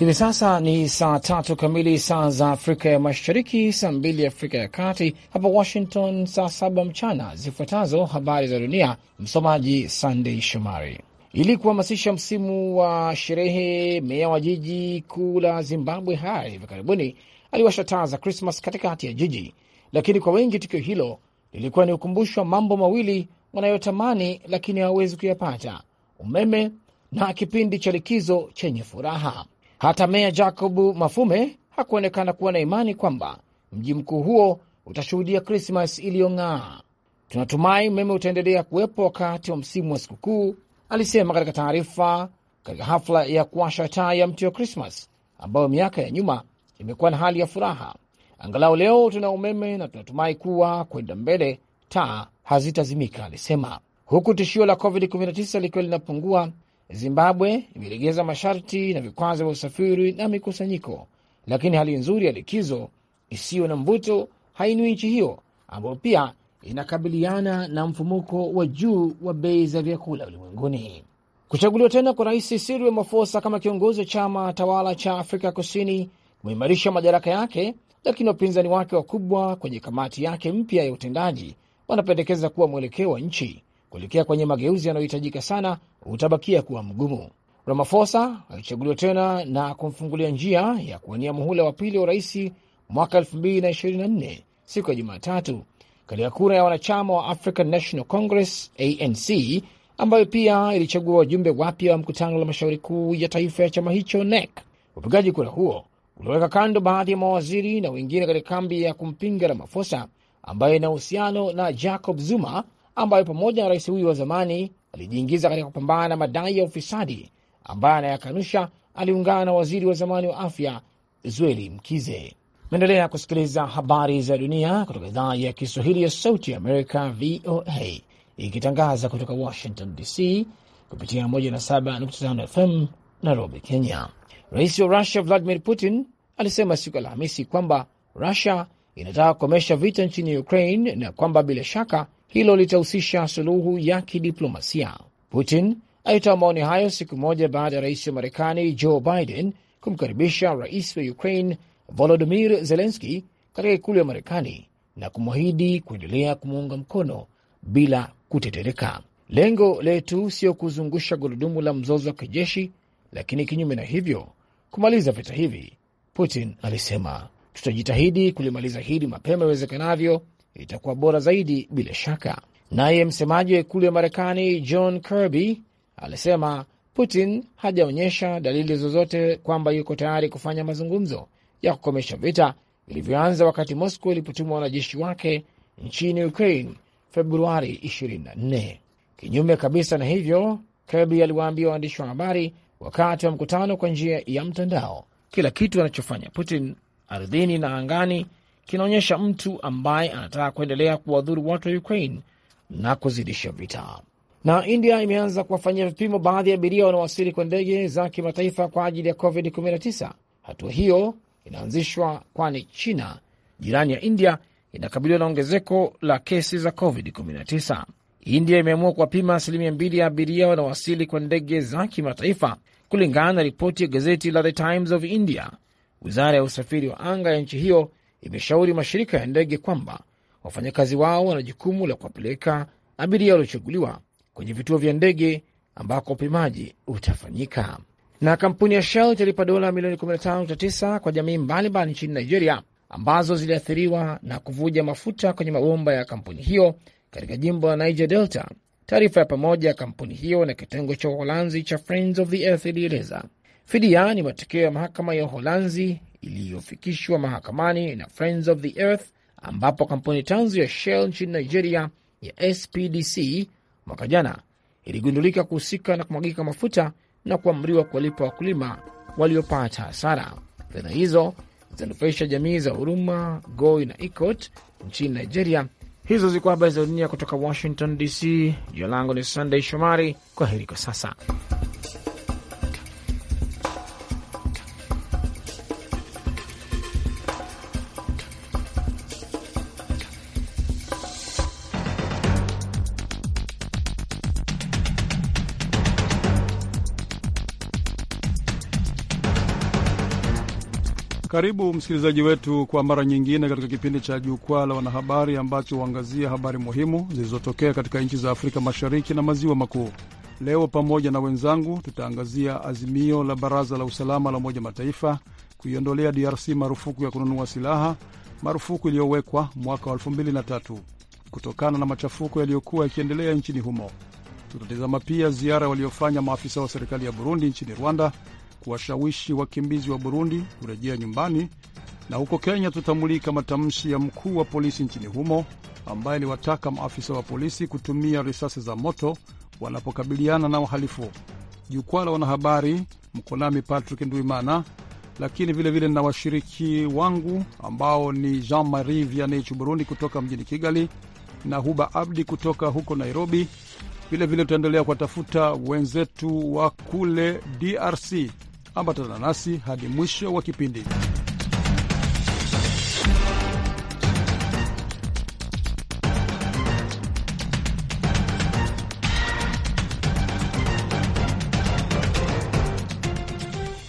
Hivi sasa ni saa tatu kamili saa za Afrika ya Mashariki, saa mbili Afrika ya Kati, hapa Washington saa saba mchana. Zifuatazo habari za dunia, msomaji Sandei Shomari. Ili kuhamasisha msimu wa sherehe, meya wa jiji kuu la Zimbabwe Harare hivi karibuni aliwasha taa za Krismas katikati ya jiji, lakini kwa wengi tukio hilo lilikuwa ni ukumbusho wa mambo mawili wanayotamani lakini hawawezi kuyapata: umeme na kipindi cha likizo chenye furaha. Hata meya Jacobu Mafume hakuonekana kuwa na imani kwamba mji mkuu huo utashuhudia Krismas iliyong'aa. Tunatumai umeme utaendelea kuwepo wakati wa msimu wa sikukuu, alisema katika taarifa katika hafla ya kuasha taa ya mti wa Krismas ambayo miaka ya nyuma imekuwa na hali ya furaha. Angalau leo tuna umeme na tunatumai kuwa kwenda mbele taa hazitazimika, alisema, huku tishio la COVID-19 likiwa linapungua. Zimbabwe imelegeza masharti na vikwazo vya usafiri na mikusanyiko, lakini hali nzuri ya likizo isiyo na mvuto hainui nchi hiyo ambayo pia inakabiliana na mfumuko wa juu wa bei za vyakula ulimwenguni. Kuchaguliwa tena kwa Rais Cyril Ramaphosa kama kiongozi wa chama tawala cha Afrika Kusini kumeimarisha madaraka yake, lakini wapinzani wake wakubwa kwenye kamati yake mpya ya utendaji wanapendekeza kuwa mwelekeo wa nchi kuelekea kwenye mageuzi yanayohitajika sana utabakia kuwa mgumu. ramafosa alichaguliwa tena na kumfungulia njia ya kuwania muhula wa pili wa urais mwaka 2024 siku ya Jumatatu katika kura ya wanachama wa African National Congress ANC ambayo pia ilichagua wajumbe wapya wa mkutano la mashauri kuu ya taifa ya chama hicho NEC. Upigaji kura huo uliweka kando baadhi ya mawaziri na wengine katika kambi ya kumpinga ramafosa ambaye ina uhusiano na Jacob Zuma ambayo pamoja na rais huyu wa zamani alijiingiza katika kupambana na madai ya ufisadi ambaye anayakanusha. Aliungana na waziri wa zamani wa afya Zweli Mkize. Meendelea kusikiliza habari za dunia kutoka idhaa ya Kiswahili ya Sauti ya Amerika, VOA, ikitangaza kutoka Washington DC kupitia 175 FM Nairobi, Kenya. Rais wa Rusia Vladimir Putin alisema siku Alhamisi kwamba Rusia inataka kukomesha vita nchini Ukraine na kwamba bila shaka hilo litahusisha suluhu ya kidiplomasia. Putin alitoa maoni hayo siku moja baada ya rais wa Marekani Joe Biden kumkaribisha rais wa Ukraine Volodimir Zelenski katika ikulu ya Marekani na kumwahidi kuendelea kumuunga mkono bila kutetereka. Lengo letu sio kuzungusha gurudumu la mzozo wa kijeshi, lakini kinyume na hivyo kumaliza vita hivi, Putin alisema. Tutajitahidi kulimaliza hili mapema iwezekanavyo, itakuwa bora zaidi bila shaka. Naye msemaji wa ikulu ya Marekani John Kirby alisema Putin hajaonyesha dalili zozote kwamba yuko tayari kufanya mazungumzo ya kukomesha vita vilivyoanza wakati Moscow ilipotuma wanajeshi wake nchini Ukraine Februari 24. Kinyume kabisa na hivyo, Kirby aliwaambia waandishi wa habari wakati wa mkutano kwa njia ya mtandao, kila kitu anachofanya Putin ardhini na angani kinaonyesha mtu ambaye anataka kuendelea kuwadhuru watu wa Ukraine na kuzidisha vita. Na India imeanza kuwafanyia vipimo baadhi ya abiria wanaowasili kwa ndege za kimataifa kwa ajili ya COVID-19. Hatua hiyo inaanzishwa kwani China jirani ya India inakabiliwa na ongezeko la kesi za COVID-19. India imeamua kuwapima asilimia mbili ya abiria wanaowasili kwa ndege za kimataifa, kulingana na ripoti ya gazeti la The Times of India. Wizara ya usafiri wa anga ya nchi hiyo imeshauri mashirika ya ndege kwamba wafanyakazi wao wana jukumu la kuwapeleka abiria waliochaguliwa kwenye vituo vya ndege ambako upimaji utafanyika. Na kampuni ya Shell italipa dola milioni 15.9 kwa jamii mbalimbali nchini Nigeria ambazo ziliathiriwa na kuvuja mafuta kwenye mabomba ya kampuni hiyo katika jimbo la Niger Delta. Taarifa ya pamoja ya kampuni hiyo na kitengo cha Uholanzi cha Friends of the Earth ilieleza fidia ni matokeo ya mahakama ya Uholanzi iliyofikishwa mahakamani na Friends of the Earth, ambapo kampuni tanzu ya Shell nchini Nigeria ya SPDC mwaka jana iligundulika kuhusika na kumwagika mafuta na kuamriwa kuwalipa wakulima waliopata hasara. Fedha hizo zinanufaisha jamii za Huruma, Goi na Ikot nchini Nigeria. Hizo zilikuwa habari za dunia kutoka Washington DC. Jina langu ni Sunday Shomari. Kwa heri kwa sasa. Karibu msikilizaji wetu kwa mara nyingine katika kipindi cha Jukwaa la Wanahabari ambacho huangazia habari muhimu zilizotokea katika nchi za Afrika Mashariki na Maziwa Makuu. Leo pamoja na wenzangu tutaangazia azimio la Baraza la Usalama la Umoja Mataifa kuiondolea DRC marufuku ya kununua silaha, marufuku iliyowekwa mwaka wa 2003 kutokana na machafuko yaliyokuwa yakiendelea nchini humo. Tutatizama pia ziara waliofanya maafisa wa serikali ya Burundi nchini Rwanda kuwashawishi wakimbizi wa Burundi kurejea nyumbani, na huko Kenya tutamulika matamshi ya mkuu wa polisi nchini humo ambaye aliwataka maafisa wa polisi kutumia risasi za moto wanapokabiliana na wahalifu. Jukwaa la wanahabari, mko nami Patrick Ndwimana, lakini vilevile na washiriki wangu ambao ni Jean Marie Vianney Burundi kutoka mjini Kigali na Huba Abdi kutoka huko Nairobi. Vilevile tutaendelea kuwatafuta wenzetu wa kule DRC Ambatana nasi hadi mwisho wa kipindi.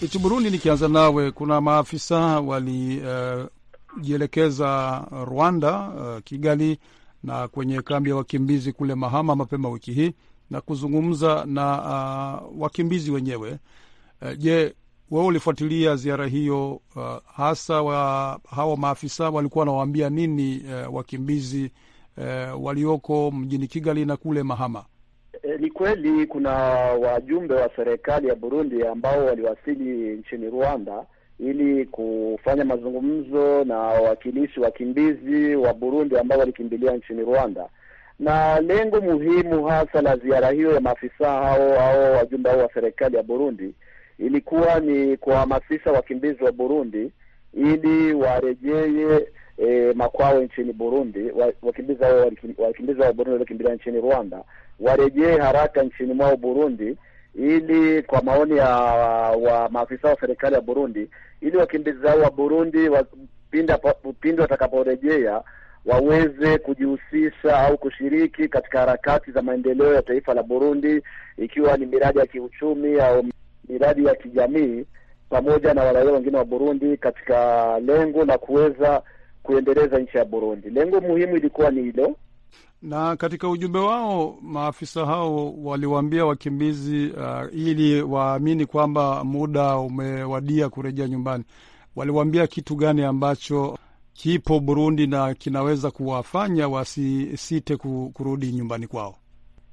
Nchi Burundi, nikianza nawe, kuna maafisa walijielekeza eh, uh, Rwanda uh, Kigali na kwenye kambi ya wakimbizi kule Mahama mapema wiki hii na kuzungumza na uh, wakimbizi wenyewe Eh, je, wewe ulifuatilia ziara hiyo uh, hasa wa, hawa maafisa walikuwa wanawaambia nini uh, wakimbizi uh, walioko mjini Kigali na kule Mahama? E, ni kweli kuna wajumbe wa serikali ya Burundi ambao waliwasili nchini Rwanda ili kufanya mazungumzo na wawakilishi wakimbizi wa Burundi ambao walikimbilia nchini Rwanda, na lengo muhimu hasa la ziara hiyo ya maafisa hao au wajumbe hao wa serikali ya Burundi ilikuwa ni maafisa wakimbizi wa Burundi ili warejee e, makwao nchini Burundi, wakimbizi hao wakimbizi wa Burundi waliokimbilia nchini Rwanda warejee haraka nchini mwao Burundi ili kwa maoni ya wa maafisa wa serikali ya Burundi ili wakimbizi hao wa Burundi pindi watakaporejea waweze kujihusisha au kushiriki katika harakati za maendeleo ya taifa la Burundi, ikiwa ni miradi ya kiuchumi au miradi ya kijamii pamoja na waraia wengine wa Burundi katika lengo la kuweza kuendeleza nchi ya Burundi. Lengo muhimu ilikuwa ni hilo. Na katika ujumbe wao maafisa hao waliwaambia wakimbizi uh, ili waamini kwamba muda umewadia kurejea nyumbani. Waliwaambia kitu gani ambacho kipo Burundi na kinaweza kuwafanya wasisite kurudi nyumbani kwao?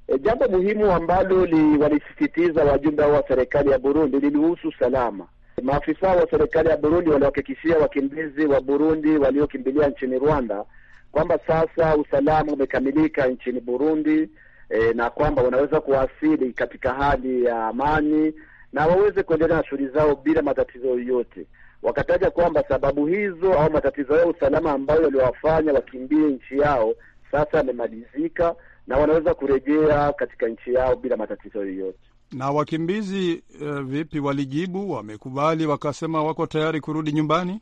E, jambo muhimu ambalo walisisitiza wajumbe hao wa serikali ya Burundi lilihusu salama. Maafisa wa serikali ya Burundi waliwahakikishia wakimbizi wa Burundi waliokimbilia nchini Rwanda kwamba sasa usalama umekamilika nchini Burundi e, na kwamba wanaweza kuwasili katika hali ya amani na waweze kuendelea na shughuli zao bila matatizo yoyote. Wakataja kwamba sababu hizo au matatizo ya usalama ambayo waliwafanya wakimbie nchi yao sasa yamemalizika na wanaweza kurejea katika nchi yao bila matatizo yoyote. Na wakimbizi uh, vipi, walijibu? Wamekubali wakasema wako tayari kurudi nyumbani?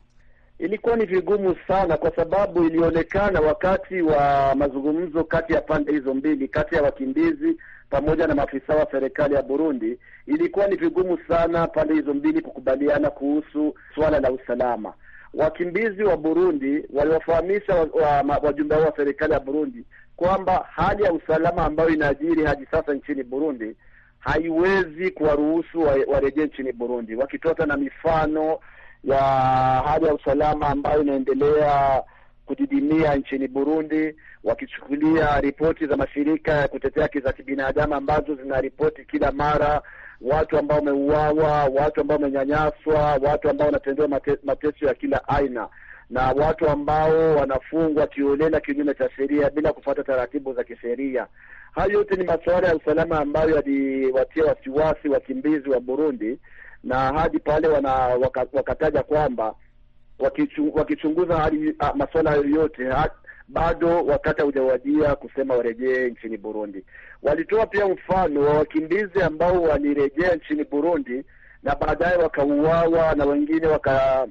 Ilikuwa ni vigumu sana, kwa sababu ilionekana wakati wa mazungumzo kati ya pande hizo mbili, kati ya wakimbizi pamoja na maafisa wa serikali ya Burundi, ilikuwa ni vigumu sana pande hizo mbili kukubaliana kuhusu suala la usalama. Wakimbizi wa Burundi waliwafahamisha wajumbe wa, wa, wa, wa serikali ya Burundi kwamba hali ya usalama ambayo inaajiri hadi sasa nchini Burundi haiwezi kuwaruhusu warejee nchini Burundi, wakitota na mifano ya hali ya usalama ambayo inaendelea kudidimia nchini Burundi, wakichukulia ripoti za mashirika ya kutetea haki za kibinadamu ambazo zinaripoti kila mara watu ambao wameuawa, watu ambao wamenyanyaswa, watu ambao wanatendewa mate, mateso ya kila aina na watu ambao wanafungwa kiolela kinyume cha sheria bila kufuata taratibu za kisheria. Hayo yote ni masuala ya usalama ambayo yaliwatia wasiwasi wakimbizi wa Burundi, na hadi pale wana waka, wakataja kwamba wakichunguza, wakichunguza hadi ah, masuala hayo yote bado wakati haujawajia kusema warejee nchini Burundi. Walitoa pia mfano wa wakimbizi ambao walirejea nchini Burundi na baadaye wakauawa na wengine waka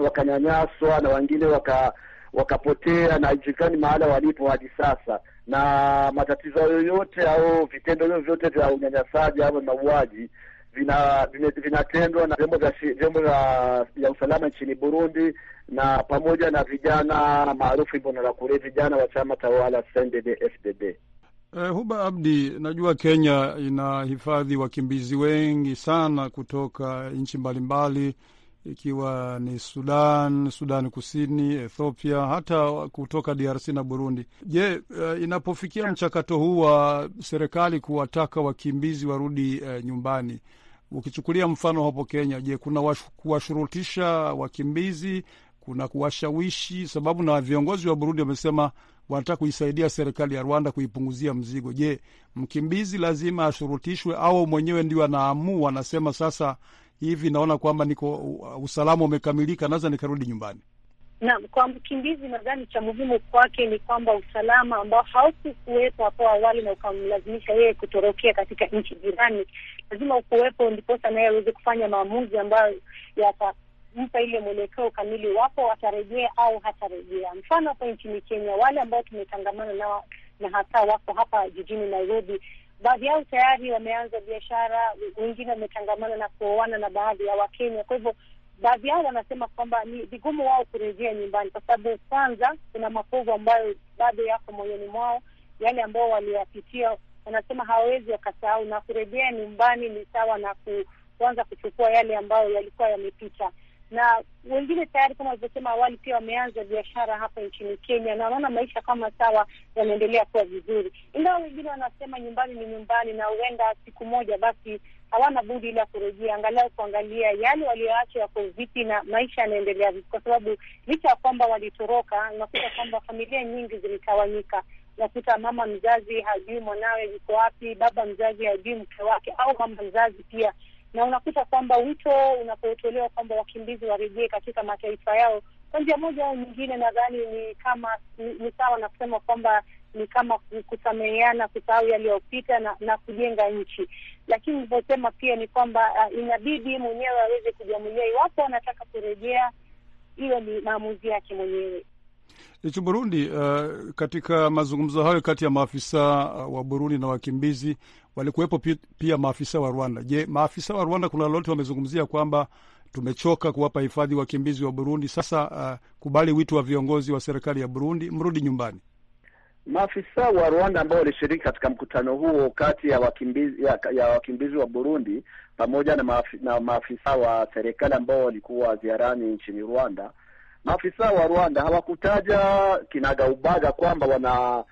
wakanyanyaswa na wengine waka wakapotea na haijulikani mahala walipo hadi sasa. Na matatizo yoyote au vitendo vyovyote vya unyanyasaji au mauaji vina vinatendwa na vyombo vya vyombo vya usalama nchini Burundi na pamoja na vijana maarufu Imbonerakure, vijana wa chama tawala CNDD FDD. Eh, Huba Abdi, najua Kenya inahifadhi wakimbizi wengi sana kutoka nchi mbalimbali ikiwa ni Sudan, Sudan Kusini, Ethiopia, hata kutoka DRC na Burundi. Je, uh, inapofikia mchakato huu wa serikali kuwataka wakimbizi warudi uh, nyumbani, ukichukulia mfano hapo Kenya, je, kuna kuwashurutisha wakimbizi, kuna kuwashawishi? Sababu na viongozi wa Burundi wamesema wanataka kuisaidia serikali ya Rwanda kuipunguzia mzigo. Je, mkimbizi lazima ashurutishwe au mwenyewe ndio anaamua, anasema sasa hivi naona kwamba niko uh, usalama umekamilika, naweza nikarudi nyumbani. Naam, kwa mkimbizi nadhani cha muhimu kwake ni kwamba usalama ambao haukukuwepo hapo awali na ukamlazimisha yeye kutorokea katika nchi jirani lazima ukuwepo, ndiposa naye aweze kufanya maamuzi ambayo yatampa ile mwelekeo kamili, wapo atarejea au hatarejea. Mfano hapa nchini Kenya, wale ambao tumetangamana nao na hasa wako hapa jijini Nairobi baadhi yao tayari wameanza biashara, wengine wametangamana na kuoana na baadhi ya Wakenya. Kwa hivyo baadhi yao wanasema kwamba ni vigumu wao kurejea nyumbani, kwa sababu kwanza kuna mafuvu ambayo bado yako moyoni mwao, yale ambao waliyapitia. Wanasema hawawezi wakasahau, na kurejea nyumbani ni sawa na kuanza kuchukua yale ambayo yalikuwa yamepita na wengine tayari kama walivyosema awali pia wameanza biashara hapa nchini Kenya na wanaona maisha kama sawa yanaendelea kuwa vizuri, ingawa wengine wanasema nyumbani ni nyumbani, na huenda siku moja basi hawana budi ila kurejea, angalau kuangalia yale walioacha yako vipi na maisha yanaendelea vipi, kwa sababu licha ya kwamba walitoroka, unakuta kwamba familia nyingi zilitawanyika. Unakuta mama mzazi hajui mwanawe yuko wapi, baba mzazi hajui mke wake, au mama mzazi pia na unakuta kwamba wito unapotolewa kwamba wakimbizi warejee katika mataifa yao, kwa njia moja au nyingine, nadhani ni kama ni sawa na kusema kwamba ni kama kusameheana, kusahau yaliyopita na, na kujenga nchi. Lakini nilivyosema pia ni kwamba uh, inabidi mwenyewe aweze kujiamulia iwapo anataka kurejea, hiyo ni maamuzi yake mwenyewe. Hichi Burundi. Uh, katika mazungumzo hayo kati ya maafisa uh, wa Burundi na wakimbizi walikuwepo pia maafisa wa Rwanda. Je, maafisa wa Rwanda kuna lolote wamezungumzia kwamba tumechoka kuwapa hifadhi wakimbizi wa Burundi, sasa uh, kubali wito wa viongozi wa serikali ya Burundi, mrudi nyumbani? Maafisa wa Rwanda ambao walishiriki katika mkutano huo kati ya wakimbizi, ya, ya wakimbizi wa Burundi pamoja na, na maafisa wa serikali ambao walikuwa ziarani nchini Rwanda maafisa wa Rwanda hawakutaja kinagaubaga kwamba wana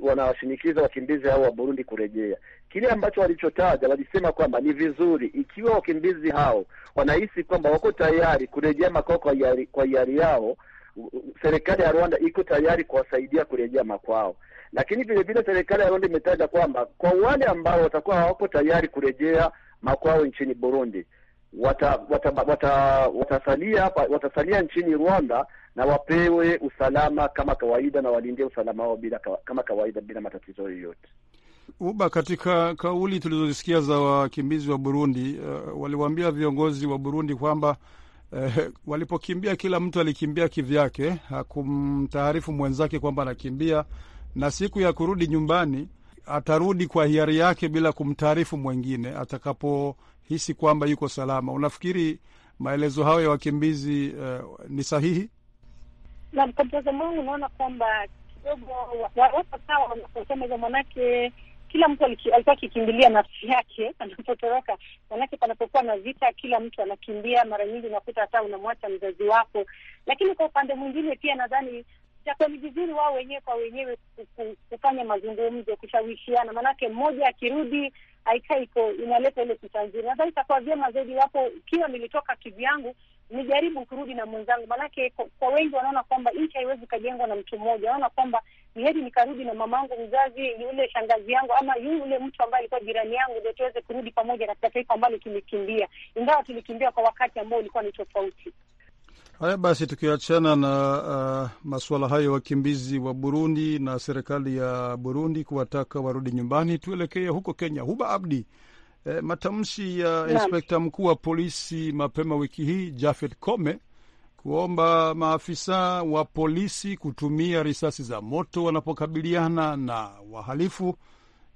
wanawashinikiza wana wakimbizi hao wa Burundi kurejea. Kile ambacho walichotaja, walisema kwamba ni vizuri ikiwa wakimbizi hao wanahisi kwamba wako tayari kurejea makwao kwa hiari yao, serikali ya Rwanda iko tayari kuwasaidia kurejea makwao. Lakini vile vile serikali ya Rwanda imetaja kwamba kwa wale ambao watakuwa hawako tayari kurejea makwao nchini Burundi watasalia wata, wata, watasalia nchini Rwanda na wapewe usalama kama kawaida na walindie usalama wao bila kama kawaida bila matatizo yoyote. Uba, katika kauli tulizozisikia za wakimbizi wa Burundi uh, waliwaambia viongozi wa Burundi kwamba uh, walipokimbia kila mtu alikimbia kivyake, hakumtaarifu mwenzake kwamba anakimbia, na siku ya kurudi nyumbani atarudi kwa hiari yake bila kumtaarifu mwengine atakapo hisi kwamba yuko salama. Unafikiri maelezo hayo ya wakimbizi uh, ni sahihi? Naam, kwa mtazamo wangu naona kwamba kidogo wapo sawa wanaposema hivyo, manake kila mtu alikuwa akikimbilia nafsi yake anapotoroka, manake panapokuwa na vita kila mtu anakimbia. Mara nyingi unakuta hata unamwacha mzazi wako, lakini kwa upande mwingine pia nadhani itakuwa ni vizuri wao wenyewe kwa wenyewe kufanya mazungumzo, kushawishiana, maanake mmoja akirudi haika iko inaleta ile picha nzuri. Nadhani itakuwa vyema zaidi iwapo kiwa nilitoka kivyangu nijaribu kurudi na mwenzangu, maanake kwa wengi wanaona kwamba nchi haiwezi ikajengwa na mtu mmoja. Wanaona kwamba ni heri nikarudi na mamangu mzazi, yule shangazi yangu, ama yule mtu ambaye alikuwa jirani yangu, ndio tuweze kurudi pamoja katika taifa ambalo tulikimbia, ingawa tulikimbia kwa wakati ambao ulikuwa ni tofauti. Haya basi, tukiachana na uh, masuala hayo, ya wakimbizi wa Burundi na serikali ya Burundi kuwataka warudi nyumbani, tuelekee huko Kenya. Huba Abdi, eh, matamshi ya yeah, inspekta mkuu wa polisi mapema wiki hii Jafet Kome kuomba maafisa wa polisi kutumia risasi za moto wanapokabiliana na wahalifu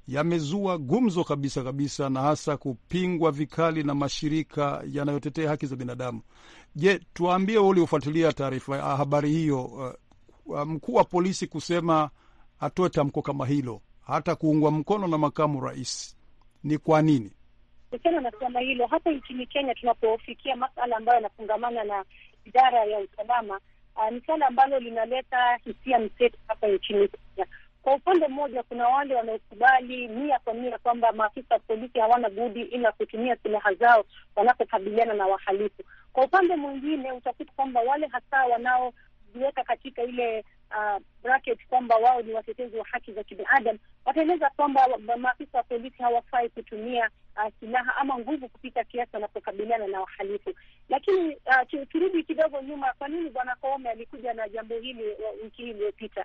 yamezua gumzo kabisa kabisa, na hasa kupingwa vikali na mashirika yanayotetea haki za binadamu. Je, tuambie uliofuatilia taarifa ya ah, habari hiyo, uh, uh, mkuu wa polisi kusema atoe tamko kama hilo hata kuungwa mkono na makamu rais ni kwa nini? Kusema na kama hilo, hapa nchini Kenya tunapofikia masala ambayo yanafungamana na idara ya usalama, uh, ni swala ambalo linaleta hisia mseto hapa nchini Kenya. Kwa upande mmoja, kuna wale wanaokubali mia kwa mia kwamba maafisa wa polisi hawana budi ila kutumia silaha zao wanapokabiliana na wahalifu. Kwa upande mwingine, utakuta kwamba wale hasa wanaojiweka katika ile uh, bracket kwamba wao ni watetezi wa haki za kibinadamu wataeleza kwamba maafisa wa polisi hawafai kutumia uh, silaha ama nguvu kupita kiasi wanapokabiliana na wahalifu. Lakini uh, turudi kidogo nyuma, kwa nini Bwana Koome alikuja na jambo hili uh, wiki iliyopita?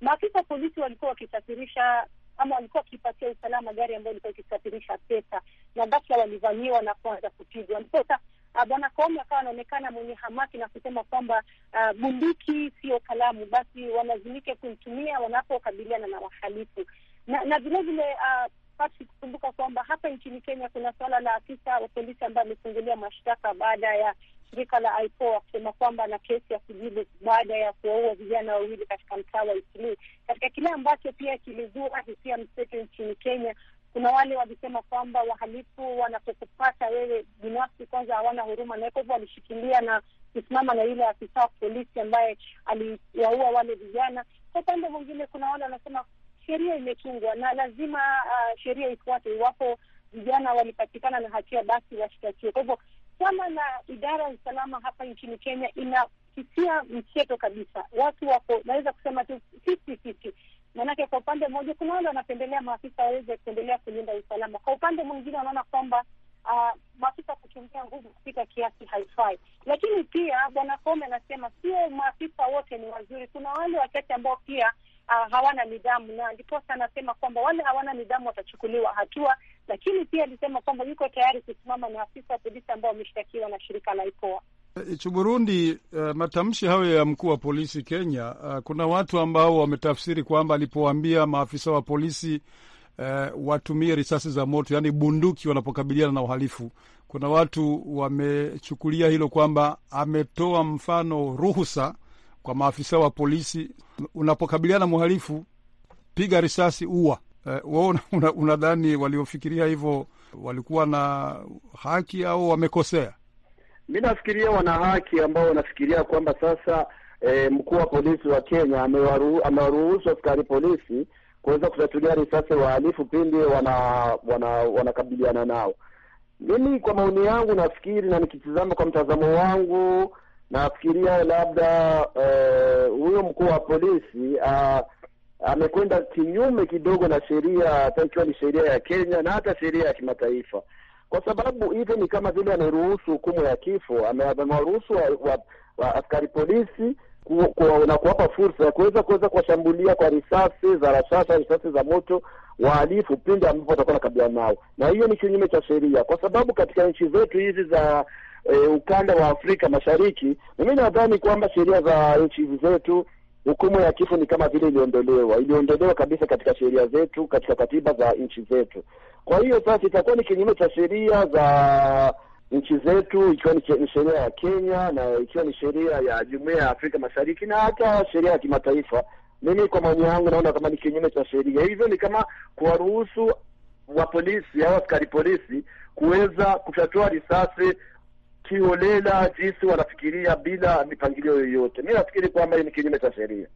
Maafisa polisi walikuwa wakisafirisha ama walikuwa wakipatia usalama gari ambayo ilikuwa ikisafirisha pesa, na ghafla walivamiwa na kuanza kupigwa. Ndiposa ah, bwana Koome akawa anaonekana mwenye hamaki na kusema kwamba ah, bunduki sio kalamu, basi wanazimike kuitumia wanapokabiliana na wahalifu. Na, na vilevile ah, kumbuka kwamba hapa nchini Kenya kuna suala la afisa wa polisi ambaye amefungulia mashtaka baada ya shirika la IPOA kusema kwamba na kesi ya kujibu baada ya kuwaua vijana wawili katika mtaa wa Isli, katika kile ambacho pia kilizua hisia mseto nchini Kenya. Kuna wale walisema kwamba wahalifu wanapokupata wewe binafsi, kwanza hawana huruma, na hivyo hivyo walishikilia na kusimama na yule afisa wa polisi ambaye aliwaua wale vijana. Kwa upande mwingine, kuna wale wanasema sheria imetungwa na lazima uh, sheria ifuate. Iwapo vijana walipatikana na hatia, basi washtakiwe. Kwa hivyo Swala la idara ya usalama hapa nchini Kenya inakisia mcheto kabisa. Watu wako naweza kusema tu fifty fifty, maanake kwa upande mmoja kuna wale wanapendelea maafisa waweze kuendelea kulinda usalama, kwa upande mwingine wanaona kwamba uh, maafisa kutumia nguvu kupita kiasi haifai. Lakini pia Bwana Kome anasema sio maafisa wote ni wazuri, kuna wale wachache ambao pia uh, hawana nidhamu, na ndiposa anasema kwamba wale hawana nidhamu watachukuliwa hatua, lakini pia alisema kwamba yuko tayari kusimama na afisa wa polisi ambao wameshtakiwa na shirika la IPOA nchi eh, eh, Burundi. Uh, eh, matamshi hayo ya mkuu wa polisi Kenya, uh, kuna watu ambao wametafsiri kwamba alipowaambia maafisa wa polisi Uh, watumie risasi za moto yaani bunduki wanapokabiliana na uhalifu. Kuna watu wamechukulia hilo kwamba ametoa mfano ruhusa kwa maafisa wa polisi. Unapokabiliana mhalifu, piga risasi, ua. Eh, Wao unadhani una waliofikiria hivyo walikuwa na haki au wamekosea? Mi nafikiria wana haki ambao wanafikiria kwamba sasa E, mkuu wa polisi wa Kenya amewaruhusu askari polisi kuweza kutatulia risasi wahalifu pindi wanakabiliana wana, wana nao. Mimi kwa maoni yangu nafikiri na nikitizama kwa mtazamo wangu nafikiria labda eh, huyo uh, mkuu wa polisi uh, amekwenda kinyume kidogo na sheria, hata ikiwa ni sheria ya Kenya na hata sheria ya kimataifa, kwa sababu hivi ni kama vile ameruhusu hukumu ya kifo, amewaruhusu wa, wa, wa askari polisi ku, ku, na kuwapa fursa ya kuweza kuweza kuwashambulia kwa risasi za rashasha, risasi za moto wahalifu pindi ambapo watakuwa na nao, na hiyo ni kinyume cha sheria, kwa sababu katika nchi zetu hizi za e, ukanda wa Afrika Mashariki, mimi nadhani kwamba sheria za nchi zetu hukumu ya kifo ni kama vile iliondolewa, iliondolewa kabisa katika sheria zetu, katika katiba za nchi zetu. Kwa hiyo sasa itakuwa ni kinyume cha sheria za nchi zetu, ikiwa ni sheria ya Kenya na ikiwa ni sheria ya Jumuiya ya Afrika Mashariki na hata sheria ya kimataifa. Mimi kwa maoni yangu naona kama ni kinyume cha sheria, hivyo ni kama kuwaruhusu wa polisi au askari polisi kuweza kufyatua risasi kiolela jinsi wanafikiria bila mipangilio yoyote. Mi nafikiri kwamba hii ni kinyume cha sheria.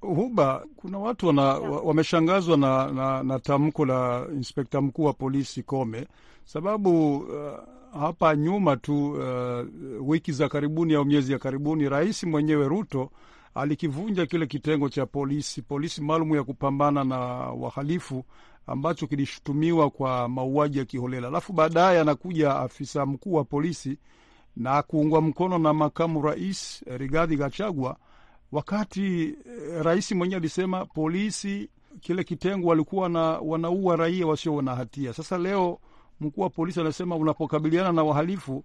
Huba, kuna watu wana, wameshangazwa na, na, na tamko la inspekta mkuu wa polisi Kome sababu uh, hapa nyuma tu uh, wiki za karibuni au miezi ya karibuni, rais mwenyewe Ruto alikivunja kile kitengo cha polisi polisi maalum ya kupambana na wahalifu ambacho kilishutumiwa kwa mauaji ya kiholela, alafu baadaye anakuja afisa mkuu wa polisi na kuungwa mkono na makamu rais eh, Rigathi Gachagua, wakati eh, rais mwenyewe alisema polisi kile kitengo walikuwa na wanaua raia wasio na hatia. Sasa leo mkuu wa polisi anasema unapokabiliana na wahalifu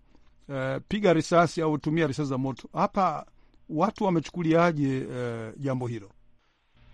eh, piga risasi au tumia risasi za moto. Hapa watu wamechukuliaje eh, jambo hilo?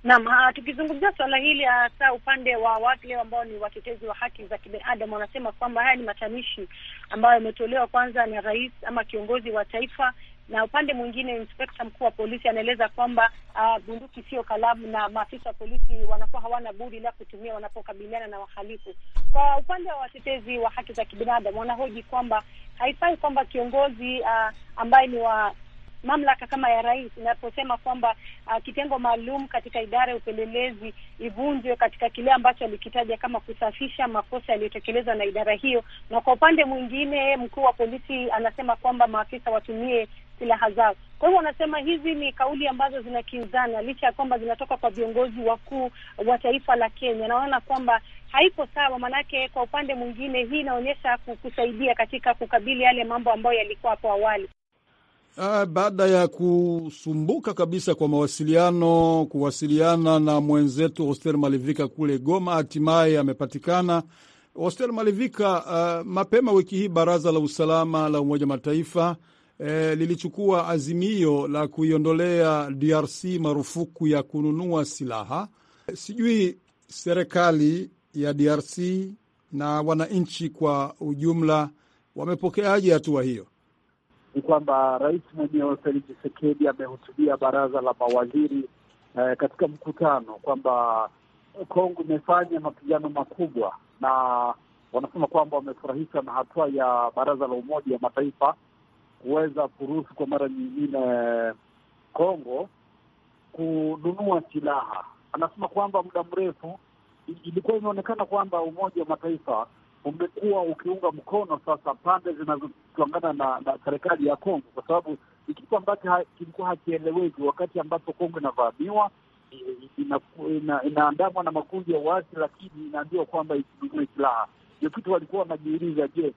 Naam, ah, tukizungumzia suala hili hasa upande wa wale ambao ni watetezi wa haki za kibinadamu wanasema kwamba haya ni matamishi ambayo yametolewa kwanza na rais ama kiongozi wa taifa, na upande mwingine inspekta mkuu wa polisi anaeleza kwamba uh, bunduki sio kalamu na maafisa wa polisi wanakuwa hawana budi la kutumia wanapokabiliana na wahalifu. Kwa upande wa watetezi wa haki za kibinadamu wanahoji kwamba haifai kwamba kiongozi uh, ambaye ni wa mamlaka kama ya rais inaposema kwamba uh, kitengo maalum katika idara ya upelelezi ivunjwe katika kile ambacho alikitaja kama kusafisha makosa yaliyotekelezwa na idara hiyo, na kwa upande mwingine mkuu wa polisi anasema kwamba maafisa watumie silaha zao. Kwa hivyo wanasema hizi ni kauli ambazo zinakinzana, licha ya kwamba zinatoka kwa viongozi wakuu wa taifa la Kenya. Naona kwamba haiko sawa, maanake kwa upande mwingine hii inaonyesha kusaidia katika kukabili yale mambo ambayo yalikuwa hapo awali. Ah, baada ya kusumbuka kabisa kwa mawasiliano, kuwasiliana na mwenzetu Hoster Malivika kule Goma, hatimaye amepatikana. Hoster Malivika, uh, mapema wiki hii baraza la usalama la Umoja Mataifa eh, lilichukua azimio la kuiondolea DRC marufuku ya kununua silaha. Sijui serikali ya DRC na wananchi kwa ujumla wamepokeaje hatua hiyo? ni kwamba rais mwenyewe Felix Tshisekedi amehutubia baraza la mawaziri eh, katika mkutano kwamba Kongo imefanya mapigano makubwa, na wanasema kwamba wamefurahishwa na hatua ya baraza la Umoja wa Mataifa kuweza kuruhusu kwa mara nyingine Kongo kununua silaha. Anasema kwamba muda mrefu ilikuwa imeonekana kwamba Umoja wa Mataifa umekuwa ukiunga mkono sasa pande zinazotangana na, na serikali ya Kongo kwa sababu ni kitu ambacho ha, kilikuwa hakieleweki wakati ambapo Kongo inavamiwa inaandamwa ina, ina na makundi ya waasi, lakini inaambiwa kwamba isinunue silaha. Ndio kitu walikuwa wanajiuliza, je,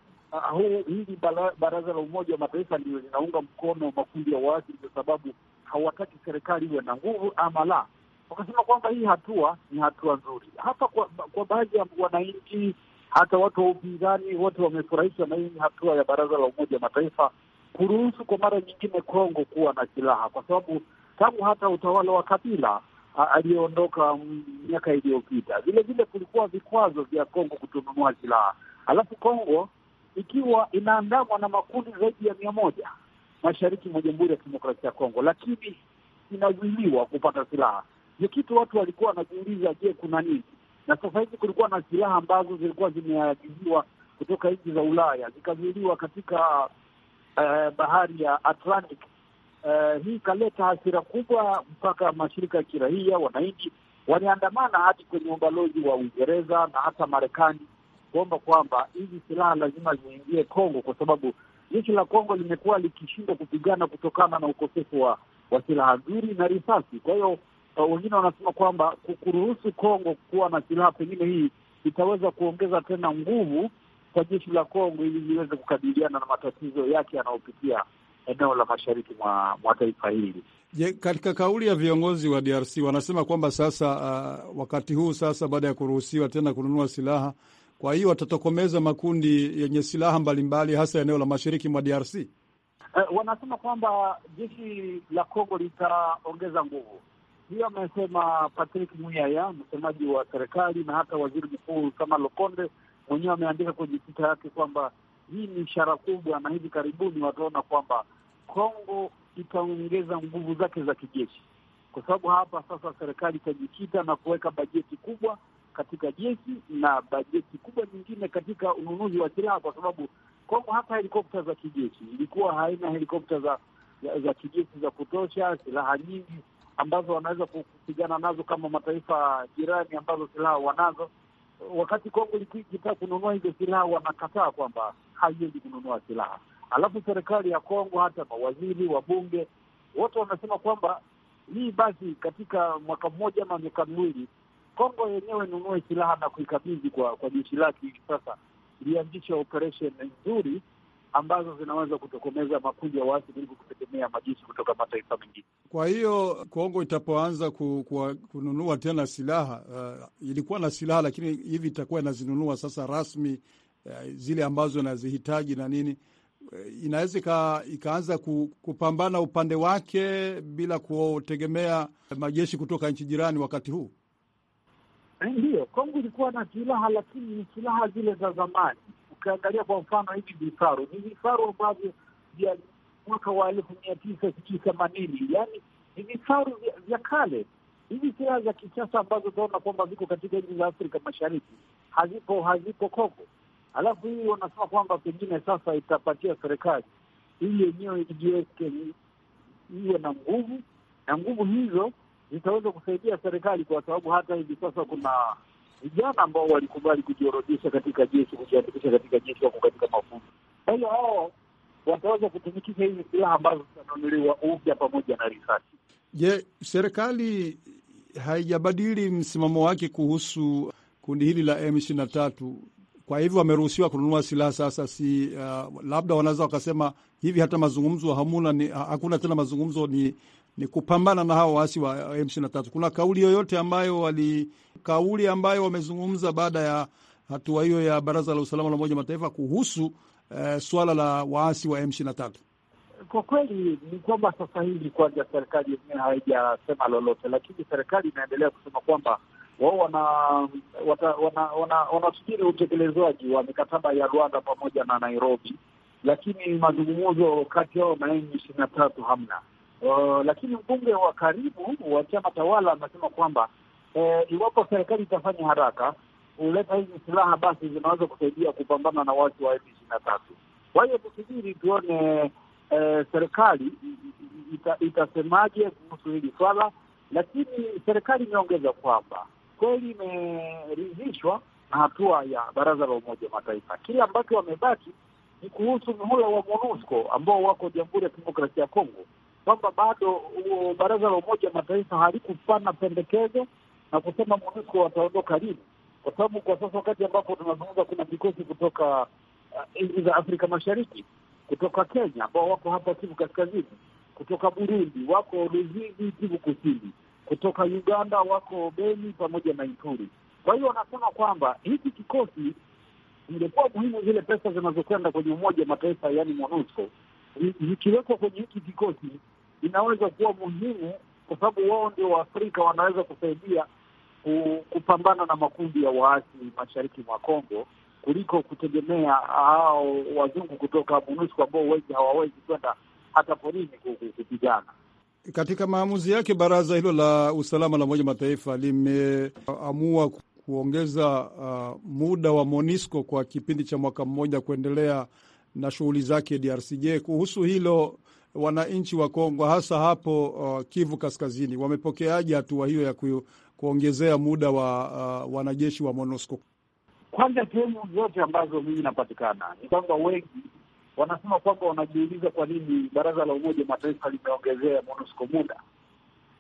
hili baraza la Umoja wa Mataifa ndio linaunga mkono makundi ya waasi ndio sababu hawataki serikali iwe na nguvu ama la? Wakasema kwamba hii hatua ni hatua nzuri hata kwa, kwa baadhi ya wananchi hata watu wa upinzani wote wamefurahishwa na hii hatua ya Baraza la Umoja wa Mataifa kuruhusu kwa mara nyingine Kongo kuwa na silaha, kwa sababu tangu hata utawala wa Kabila aliyoondoka miaka iliyopita, vilevile kulikuwa vikwazo vya Kongo kutununua silaha, alafu Kongo ikiwa inaandamwa na makundi zaidi ya mia moja mashariki mwa Jamhuri ya Kidemokrasia ya Kongo, lakini inazuiliwa kupata silaha. Ndio kitu watu walikuwa wanajiuliza, je, kuna nini? na sasa hivi kulikuwa na silaha ambazo zilikuwa zimeagiziwa kutoka nchi za Ulaya zikazuiliwa katika uh, bahari ya Atlantic. Uh, hii ikaleta hasira kubwa, mpaka mashirika ya kiraia, wananchi waliandamana hadi kwenye ubalozi wa Uingereza na hata Marekani kuomba kwamba hizi silaha lazima ziingie Kongo kwa sababu jeshi la Kongo limekuwa likishindwa kupigana kutokana na ukosefu wa, wa silaha nzuri na risasi. Kwa hiyo Uh, wengine wanasema kwamba kuruhusu Kongo kuwa na silaha pengine hii itaweza kuongeza tena nguvu kwa jeshi la Kongo ili liweze kukabiliana na matatizo yake yanayopitia eneo la mashariki mwa, mwa taifa hili. Je, katika kauli ya viongozi wa DRC wanasema kwamba sasa uh, wakati huu sasa baada ya kuruhusiwa tena kununua silaha, kwa hiyo watatokomeza makundi yenye silaha mbalimbali hasa eneo la mashariki mwa DRC. Uh, wanasema kwamba jeshi la Kongo litaongeza nguvu hiyo amesema Patrick Muyaya, msemaji wa serikali na hata waziri mkuu kama Lokonde mwenyewe ameandika kwenye kita yake kwamba hii ni ishara kubwa, na hivi karibuni wataona kwamba Kongo itaongeza nguvu zake za kijeshi, kwa sababu hapa sasa serikali itajikita na kuweka bajeti kubwa katika jeshi na bajeti kubwa nyingine katika ununuzi wa silaha, kwa sababu Kongo hata helikopta za kijeshi ilikuwa haina helikopta za, za, za kijeshi za kutosha, silaha nyingi ambazo wanaweza kupigana nazo kama mataifa jirani ambazo silaha wanazo. Wakati Kongo ikitaka kununua hizo silaha, wanakataa kwamba haiwezi kununua silaha. Alafu serikali ya Kongo, hata mawaziri, wa bunge wote wanasema kwamba hii basi, katika mwaka mmoja ama miaka miwili, Kongo yenyewe inunue silaha na kuikabidhi kwa kwa jeshi lake, hivi sasa lianzisha operesheni nzuri ambazo zinaweza kutokomeza makundi ya waasi kuliko kutegemea majeshi kutoka mataifa mengine. Kwa hiyo Kongo itapoanza ku, ku, kununua tena silaha uh, ilikuwa na silaha lakini hivi itakuwa inazinunua sasa rasmi uh, zile ambazo inazihitaji na nini uh, inaweza ikaanza ku, kupambana upande wake bila kutegemea majeshi kutoka nchi jirani wakati huu. Eh, Ndiyo, Kongo ilikuwa na silaha, lakini ni silaha zile za zamani ukiangalia kwa mfano hivi vifaru ni vifaru ambavyo vya mwaka wa elfu mia tisa sijui themanini, yani ni vifaru vya kale. Hizi silaha za kisasa ambazo utaona kwamba ziko katika nchi za Afrika Mashariki hazipo hazipo koko Alafu hii wanasema kwamba pengine sasa itapatia serikali hii yenyewe ijiweke iwe na nguvu, na nguvu hizo zitaweza kusaidia serikali, kwa sababu hata hivi sasa kuna vijana ambao walikubali kujiorodhesha katika jeshi, kujiandikisha katika jeshi, wako katika mafunzo. Kwa hiyo hao wataweza kutumikisha hizi silaha ambazo zitanunuliwa upya pamoja na risasi. Je, serikali haijabadili msimamo wake kuhusu kundi hili la M23? Kwa hivyo wameruhusiwa kununua silaha sasa, si uh, labda wanaweza wakasema hivi, hata mazungumzo hamuna ni, hakuna tena mazungumzo, ni ni kupambana na hao waasi wa M23. Kuna kauli yoyote ambayo wali kauli ambayo wamezungumza baada ya hatua hiyo ya Baraza la Usalama la Umoja wa Mataifa kuhusu eh, swala la waasi wa M23? Kwa kweli ni kwamba sasa hivi kwanza serikali yenyewe haijasema lolote, lakini serikali inaendelea kusema kwamba wao wanasubiri wana, wana, wana wa mikataba ya Rwanda pamoja na Nairobi, lakini mazungumzo kati yao na M ishirini na tatu hamna. Uh, lakini mbunge wa karibu wa chama tawala anasema kwamba eh, iwapo serikali itafanya haraka kuleta hizi silaha, basi zinaweza kusaidia kupambana na watu wa ishirini na tatu. Kwa hiyo tusubiri tuone eh, serikali ita, itasemaje kuhusu hili swala, lakini serikali imeongeza kwamba kweli imeridhishwa na hatua ya Baraza la Umoja wa Mataifa. Kile ambacho wamebaki ni kuhusu muhula wa MONUSCO ambao wako Jamhuri ya Kidemokrasia ya Kongo, kwamba bado Baraza la Umoja wa Mataifa halikupana pendekezo na kusema MONUSCO wataondoka lini, kwa sababu kwa sasa wakati ambapo tunazungumza kuna vikosi kutoka uh, nchi uh, za Afrika Mashariki, kutoka Kenya ambao wako hapa Kivu Kaskazini, kutoka Burundi wako Ruzizi, Kivu Kusini, kutoka Uganda wako Beni pamoja na Ituri. Kwa hiyo wanasema kwamba hiki kikosi ingekuwa muhimu zile pesa zinazokwenda kwenye Umoja wa Mataifa, yaani MONUSCO zikiwekwa kwenye hiki kikosi inaweza kuwa muhimu, kwa sababu wao ndio Waafrika wanaweza kusaidia kupambana na makundi ya waasi mashariki mwa Kongo kuliko kutegemea hao wazungu kutoka MONUSCO ambao wengi hawawezi kwenda hata porini kupigana. Katika maamuzi yake, baraza hilo la usalama la Umoja Mataifa limeamua kuongeza uh, muda wa MONUSCO kwa kipindi cha mwaka mmoja kuendelea na shughuli zake DRC. Je, kuhusu hilo wananchi wa Kongo hasa hapo uh, Kivu Kaskazini wamepokeaje hatua hiyo ya kuongezea muda wa uh, wanajeshi wa MONUSCO? Kwanza, sehemu zote ambazo mimi napatikana ni kwamba wengi wanasema kwamba wanajiuliza kwa nini baraza la Umoja wa Mataifa limeongezea MONUSCO muda.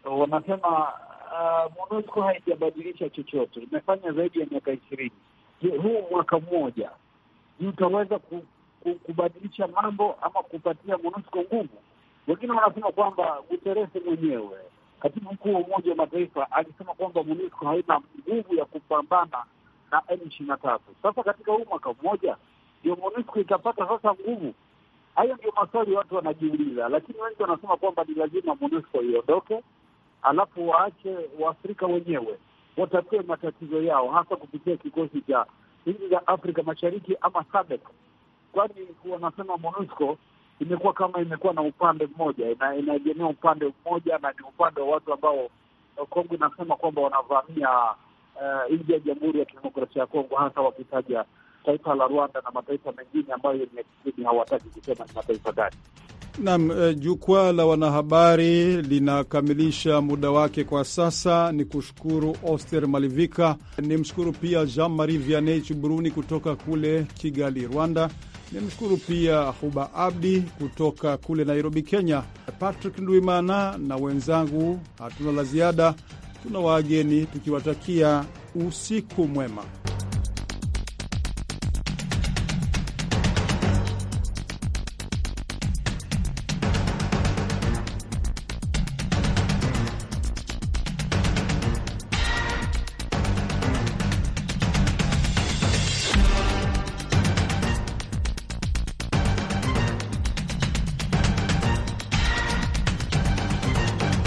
So, wanasema uh, MONUSCO haijabadilisha chochote, imefanya zaidi ya miaka ishirini. Je, huu mwaka mmoja utaweza ku, ku, kubadilisha mambo ama kupatia MONUSCO nguvu? Wengine wanasema kwamba Guterres mwenyewe Katibu mkuu wa Umoja wa Mataifa alisema kwamba MONUSCO haina nguvu ya kupambana na M ishirini na tatu. Sasa katika huu mwaka mmoja ndio MONUSCO itapata sasa nguvu? Hayo ndio maswali watu wanajiuliza, lakini wengi wanasema kwamba ni lazima MONUSCO iondoke, alafu waache Waafrika wenyewe watatue matatizo yao, hasa kupitia kikosi cha nchi za Afrika Mashariki ama SADC, kwani wanasema MONUSCO imekuwa kama imekuwa na upande mmoja, inaegemea upande mmoja, na ni upande wa watu ambao eh, Kongo inasema kwamba wanavamia uh, eh, nji ya Jamhuri ya Kidemokrasia ya Kongo, hasa wakitaja taifa la Rwanda na mataifa mengine ambayo ni hawataki kusema ni mataifa gani e, jukwaa la wanahabari linakamilisha muda wake kwa sasa. Ni kushukuru Oster Malivika, ni mshukuru pia Jean Marie Vianney Chiburuni kutoka kule Kigali, Rwanda. Ni mshukuru pia Huba Abdi kutoka kule Nairobi, Kenya. Patrick Ndwimana na wenzangu, hatuna la ziada, tuna wageni tukiwatakia usiku mwema.